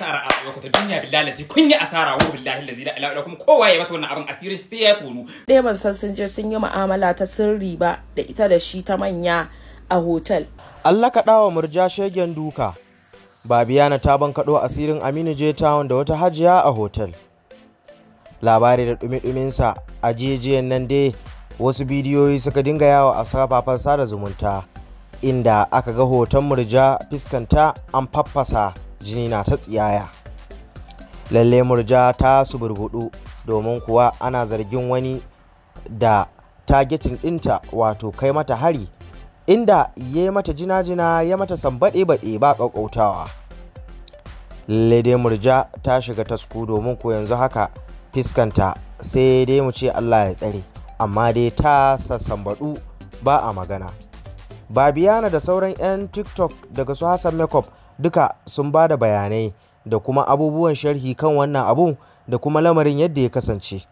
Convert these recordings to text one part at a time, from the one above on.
asara a rayuwarku ta duniya billahi lazi kun yi asara wa billahi lazi la ilaha kuma kowa ya mata wannan abin asirin shi sai ya tono ɗaya ban san sun je sun yi mu'amala ta sirri ba da ita da shi ta manya a hotel Allah ka dawo murja shegen duka Babiyana ta bankaɗo asirin Aminu J Town da wata hajiya a hotel labari da dumi-duminsa a jijiyan nan dai wasu bidiyoyi suka dinga yawo a safafan sada zumunta inda aka ga hoton murja fiskanta an faffasa jini na ta tsiyaya lalle murja ta suburbudu domin kuwa ana zargin wani da tagetin ɗinta wato kai mata hari inda ya mata jina-jina ya mata sambaɗe-baɗe ba ƙauƙautawa lalle dai murja ta shiga tasku domin ko yanzu haka fiskanta sai dai mu ce allah ya tsare amma dai ta sassambaɗu ba a magana babiyana da sauran 'yan tiktok daga su hassan makeup duka sun ba da bayanai da kuma abubuwan sharhi kan wannan abu da kuma lamarin yadda ya kasance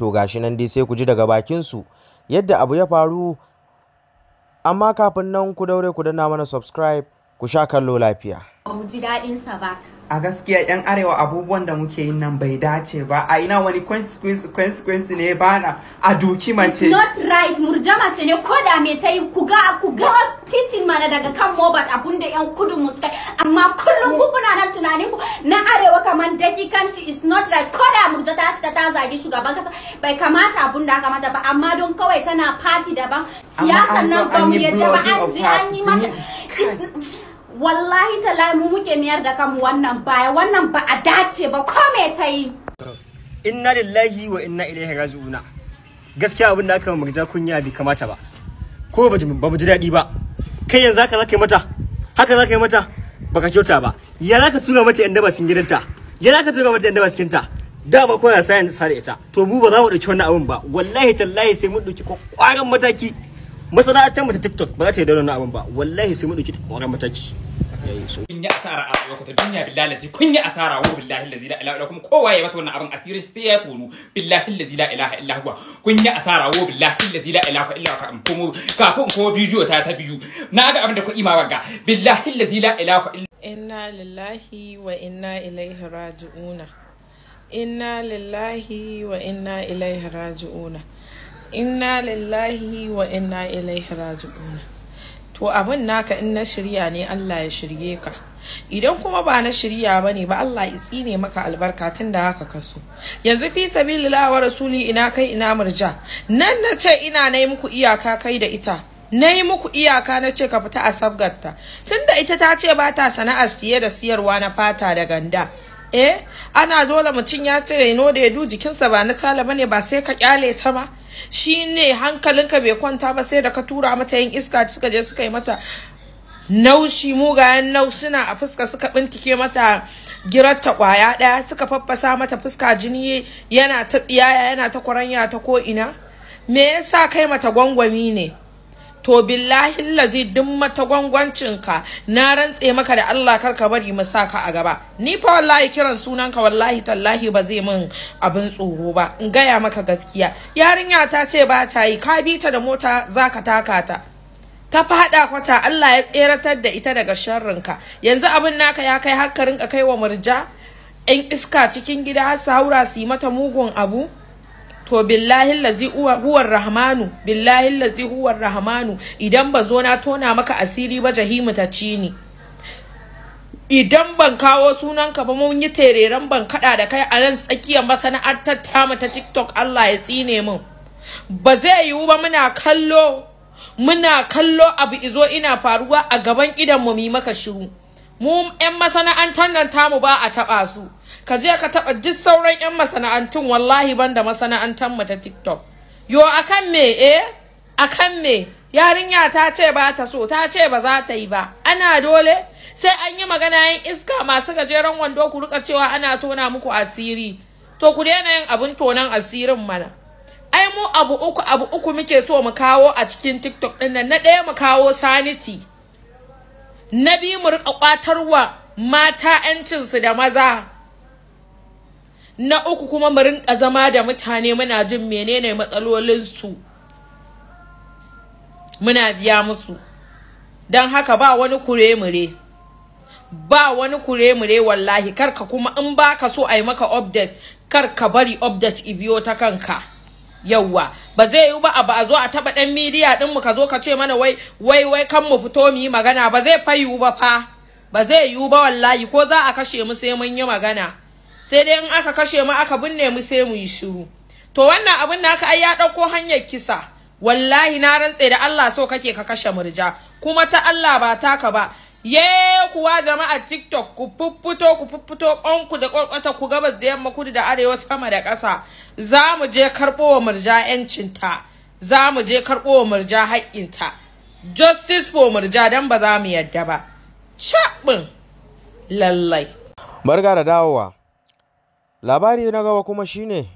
to gashi nan dai sai ku ji daga bakin su yadda abu ya faru amma kafin nan ku daure ku danna mana subscribe ku sha kallo lafiya mu ji daɗin ba a gaskiya yan arewa abubuwan da muke yin nan bai dace ba a ina wani consequence ne ba na a duki mace it's not right murja mace ne ko da me tayi ku ga ku ga titin mana daga kan mobat abun da yan kudu muska amma kullum ku nan tunanin ku na arewa kaman dakikanci is not right ko da murja ta fita ta zagi shugaban kasa bai kamata abun da kamata ba amma don kawai tana party daban siyasan nan ba mu yadda ba an ji an yi mata wallahi talahi mu muke miyar da kan wannan baya wannan ba a dace ba ko me ta yi inna lillahi wa inna ilaihi raji'una gaskiya abin da aka marja kunya bai kamata ba ko ba mu ji daɗi ba kai yanzu haka ka yi mata haka ka yi mata baka kyauta ba ya zaka tura mata yan ba cikin gidanta ya zaka tura mata yan daba cikin ta dama kuna sayan sare ita to mu ba za mu dauki wannan abin ba wallahi tallahi sai mu dauki kwaran mataki masana'antar mu ta TikTok ba za ta yi da wannan abin ba wallahi sai mu dauki kwaran mataki kun yi asara a duniya billahi kun yi asara wa billahi lazi la ilaha kuma kowa ya mata wannan abin asirin sai ya tono billahi lazi la ilaha illa huwa kun yi asara wa billahi lazi la ilaha illa ka kuma kafin kuma bidiyo ta biyu na ga abin da ku ima wanga billahi lazi la ilaha illa inna lillahi wa inna ilaihi raji'una lillahi wa inna ilaihi raji'una to abin naka in na shirya ne Allah ya shirye ka idan kuma ba na shirya ba ne ba Allah ya tsine maka albarka tun da haka ka so. yanzu fi sabilillah wa rasuli ina kai ina murja nan na ce ina na yi muku iyaka kai da ita na yi muku iyaka na ce ka fita a sabgarta da ita ta ce ba ta sana'ar siye da siyarwa na fata da ganda eh ana dole mutum ya ce no da ya du jikinsa ba na tala bane ba sai ka kyale ta ba shi ne hankalinka bai kwanta ba sai da ka tura mata yin iska suka je suka yi mata naushi mugayen Nau suna a fuska suka bintike mata girarta kwaya ɗaya suka faffasa mata fuska jini yana ta tsiyaya yana ta kwaranya ta ko ina me yasa kai mata gwangwami ne to billahi lazi duk mata na rantse maka da Allah kar ka bari mu saka a gaba ni fa wallahi kiran sunanka wallahi tallahi ba zai min abin tsoro ba in gaya maka gaskiya yarinya ta ce ba ta yi ka bi ta da mota zaka taka ta ta fada kwata Allah ya tseratar da ita daga sharrinka yanzu abin naka ya kai har ka rinka kai wa murja 'yan iska cikin gida har su haura su yi mata mugun abu to billahi lazi huwa rahmanu billahi lazi huwa rahmanu idan ba zo na tona maka asiri ba jahimu ta ci ni idan ban kawo sunanka ba mun yi tereren ban kada da kai a nan tsakiyar masana'antar tamu ta tiktok allah ya tsine mun. ba zai yiwu ba muna kallo muna kallo abu izo ina faruwa a gaban idan mu maka shiru mu 'yan masana'antar nan tamu ba a taɓa su ka je ka taba duk sauran yan masana'antun wallahi banda masana'antar mu ta TikTok yo akan me eh akan me yarinya ta ce ba ta so ta ce ba za ta yi ba ana dole sai an yi magana yin iska masu gajeren wando ku rika cewa ana tona muku asiri to ku daina yin abun tonan asirin mana ai mu abu uku abu uku muke so mu kawo a cikin tiktok ɗin nan na ɗaya mu kawo sanity na biyu mu rika ƙwatarwa mata 'yancinsu da maza na uku kuma mu rinka zama da mutane muna jin menene matsalolinsu muna biya musu don haka ba wani kuremure ba wani kuremure wallahi karka kuma in baka so a yi maka update karka bari update ibiyo ta kanka yauwa ba zai yi ba abu a zo a taba dan midiya din mu ka zo ka ce mana wai wai wai kan mu fito mu yi magana ba zai fayu ba fa ba zai yiwu ba wallahi ko za a kashe mu sai mun yi magana sai dai in aka kashe mu aka binne mu sai mu yi shiru to wannan abin naka aka ai ya ɗauko hanyar kisa wallahi na rantse da Allah so kake ka kashe murja kuma ta Allah ba taka ba ye kuwa jama'a tiktok ku fufuto ku fuffuto onku da ƙwarƙwata ku gabas da yamma kudu da arewa sama da ƙasa za mu je karɓo wa murja 'yancinta za mu je karɓo wa murja haƙƙinta justice for murja dan ba za mu yadda ba chabin lallai barga da dawowa Labari na gaba kuma shine ne,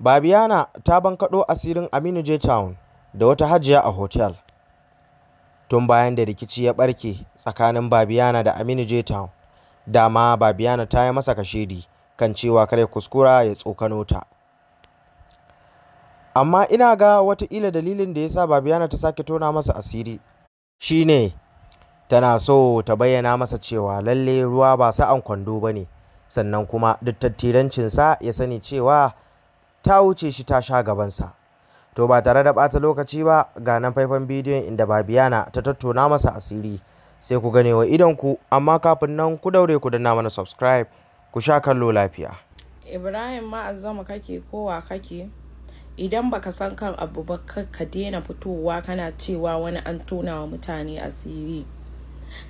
Babiana ta bankaɗo asirin Aminu J. Town da wata hajiya a hotel. Tun bayan da rikici ya ɓarke tsakanin Babiana da Aminu J. Town, dama Babiana ta yi masa kashedi kan cewa kare kuskura ya tsokano ta. Amma ina ga wata wataƙila dalilin da ya sa Babiana ta sake tona masa asiri shine tana so ta bayyana masa cewa lalle ruwa ba sa'an kwando ba ne. sannan kuma duk tattirancinsa ya sani cewa ta wuce shi ta sha gabansa to ba tare da bata lokaci ba ga nan faifan bidiyon inda babiyana ta tattauna masa asiri sai ku gane wa idonku amma kafin nan ku daure ku danna mana subscribe ku sha kallo lafiya ibrahim ma'azzama kake kowa kake idan baka san kan abu ba ka daina fitowa kana cewa wani an tona wa mutane asiri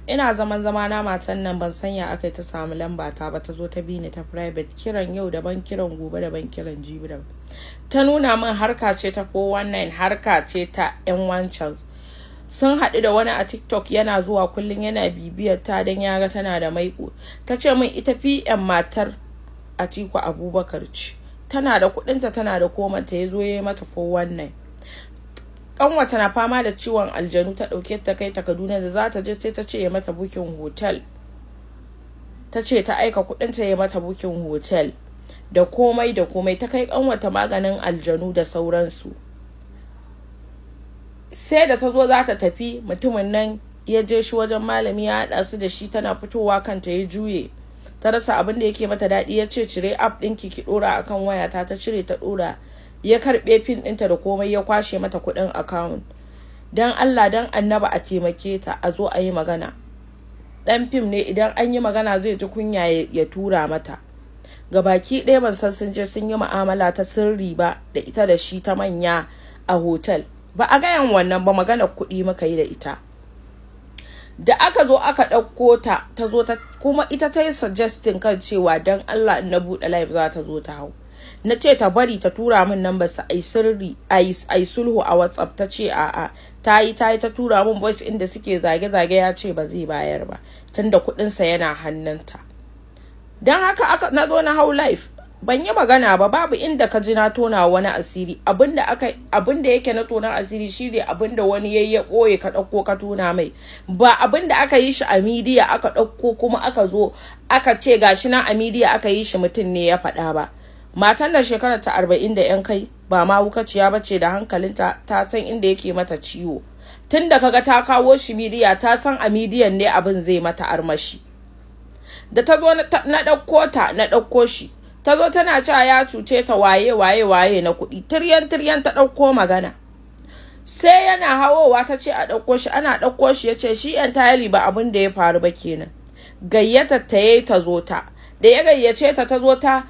ina zaman zama na matan nan ban sanya aka ta samu lamba ta ba ta zo ta bi ni ta private kiran yau daban kiran gobe daban kiran jibi daban ta nuna min harka ce ta 419 harka ce ta yan wancan sun haɗu da wani a tiktok yana zuwa kullum yana bibiyar ta don ya ga tana da maiƙo. ta ce min ita yan matar atiku abubakar ce tana da kuɗinta tana da komanta ya zo ya yi mata 419 kanwata na fama da ciwon aljanu ta dauke ta kai ta kaduna da za ta je sai ta ce ya mata bukin hotel ta ce ta aika ta ya mata bukin hotel da komai da komai ta kai kanwata maganin aljanu da sauransu sai da ta zo za ta tafi mutumin nan ya je shi wajen malami ya haɗa su da shi tana fitowa kanta ya juye ta rasa abin da yake mata daɗi ya ce cire app ɗinki ki ɗora akan wayata ta cire ta ɗora ya karɓe pin ɗinta da komai ya kwashe mata kuɗin akawun dan allah dan annaba a taimake ta a zo a yi magana Dan fim ne idan an yi magana zai ji kunya ya tura mata ga baki ɗaya ban san sun je sun yi mu'amala ta sirri ba da ita da shi ta manya a hotel ba a gayan wannan ba magana kuɗi muka yi da ita da aka zo aka ɗauko ta ta zo ta kuma ita ta yi suggesting kan cewa dan allah in na buɗe live za ta zo ta hau na ce ta bari ta tura min nan basu ai sulhu a whatsapp ta ce a'a ta yi ta yi ta tura min voice inda suke zage-zage ya ce ba zai bayar ba tunda kuɗinsa yana hannunta don haka aka na zo na How Life? ban yi magana ba babu inda ka ji na tona wani asiri abinda yake na tona asiri shi ne abinda wani yayi ya ɓoye ka ɗauko ka tona mai ba abinda aka yi shi a midiya aka ɗauko kuma aka zo aka ce gashi nan a midiya aka yi shi mutum ne ya faɗa ba matan da shekarar ta arba'in da yan kai ba ma wukaciya ba ce da hankalinta ta san inda yake mata ciwo tun da kaga ta kawo shi midiya ta san a midiyan ne abin zai mata armashi da ta zo na ɗauko ta na ɗauko shi ta zo tana cewa ya cuce ta waye waye waye na kuɗi tiryan tiryan ta ɗauko magana sai yana hawowa ta ce a ɗauko shi ana ɗauko shi ya ce shi yan tayali ba abin da ya faru ba kenan gayyata ta yai ta zo ta da ya gayyace ta ta zo ta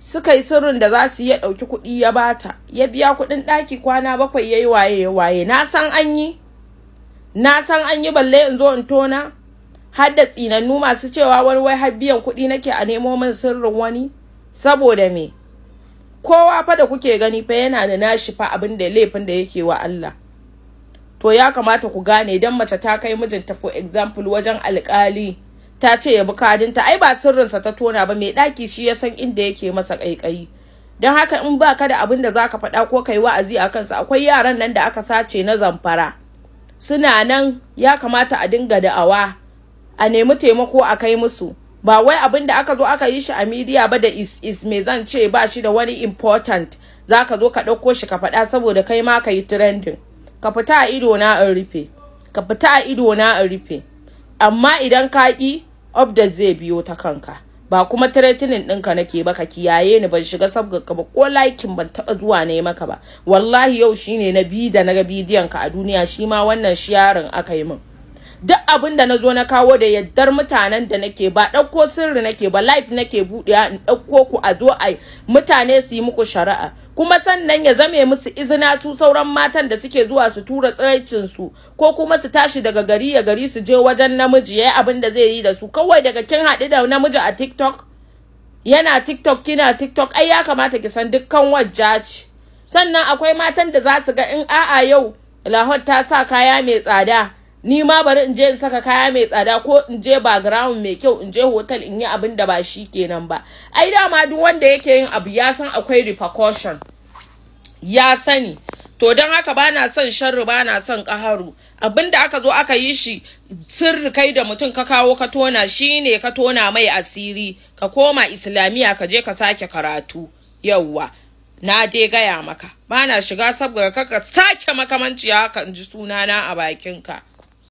suka yi sirrin da za su iya ɗauki kuɗi ya bata ya biya kuɗin ɗaki kwana bakwai ya yi waye ya waye na san an yi na san an yi balle in zo in tona har da tsinannu masu cewa wani wai har biyan kuɗi nake a nemo min sirrin wani saboda me kowa fa da kuke gani fa yana da nashi fa abin da laifin da yake wa Allah to ya kamata ku gane idan mace ta kai mijinta for example wajen alƙali ta ce ya bi kadinta ai ba sirrinsa ta tona ba mai ɗaki shi ya san inda yake masa ƙaiƙayi don haka in ba ka da abin da za ka faɗa ko ka yi wa'azi a kansa akwai yaran nan da aka sace na zamfara suna nan ya kamata a dinga da'awa a nemi taimako a kai musu ba wai abin da aka zo aka yi shi a midiya ba da is, is me zan ce ba shi da wani important za ka zo ka ɗauko shi ka faɗa saboda kai ma ka yi trending ka fita a ido na in rufe ka fita a ido na in rufe amma idan ka ƙi update zai biyo ta kanka ba kuma threatening ɗinka nake ba ka kiyaye ni ban shiga sabgarka ba ko laikin ban taɓa zuwa ne maka ba wallahi yau shine na bi da na ga bidiyon ka a duniya shi ma wannan shiyarin aka yi min duk abin da na zo na kawo da yaddar mutanen da nake ba ɗauko sirri nake ba life nake buɗewa in ɗauko ku a zo a mutane su yi muku shari'a kuma sannan ya zame musu izina su sauran matan da suke zuwa su tura tsaraicin su ko kuma su tashi daga gari ya gari su je wajen namiji yayi abin da zai yi da su kawai daga kin haɗu da namiji a TikTok yana TikTok kina TikTok ai ya kamata ki san dukkan wajja ce sannan akwai matan da za su ga in a'a yau lahot ta sa kaya mai tsada ni ma bari in je in saka kaya mai tsada ko in je background mai kyau in je hotel in yi abin da ba shi kenan ba ai dama duk wanda yake yin abu ya san akwai repercussion ya sani to don haka ba na son sharri ba na son kaharu, abin da aka zo aka yi shi sirri kai da mutum ka kawo ka tona shi ne ka tona mai asiri ka koma islamiyya ka je ka sake karatu yauwa na je gaya maka ba na shiga saboda kaka sake makamanci haka in ji sunana a bakinka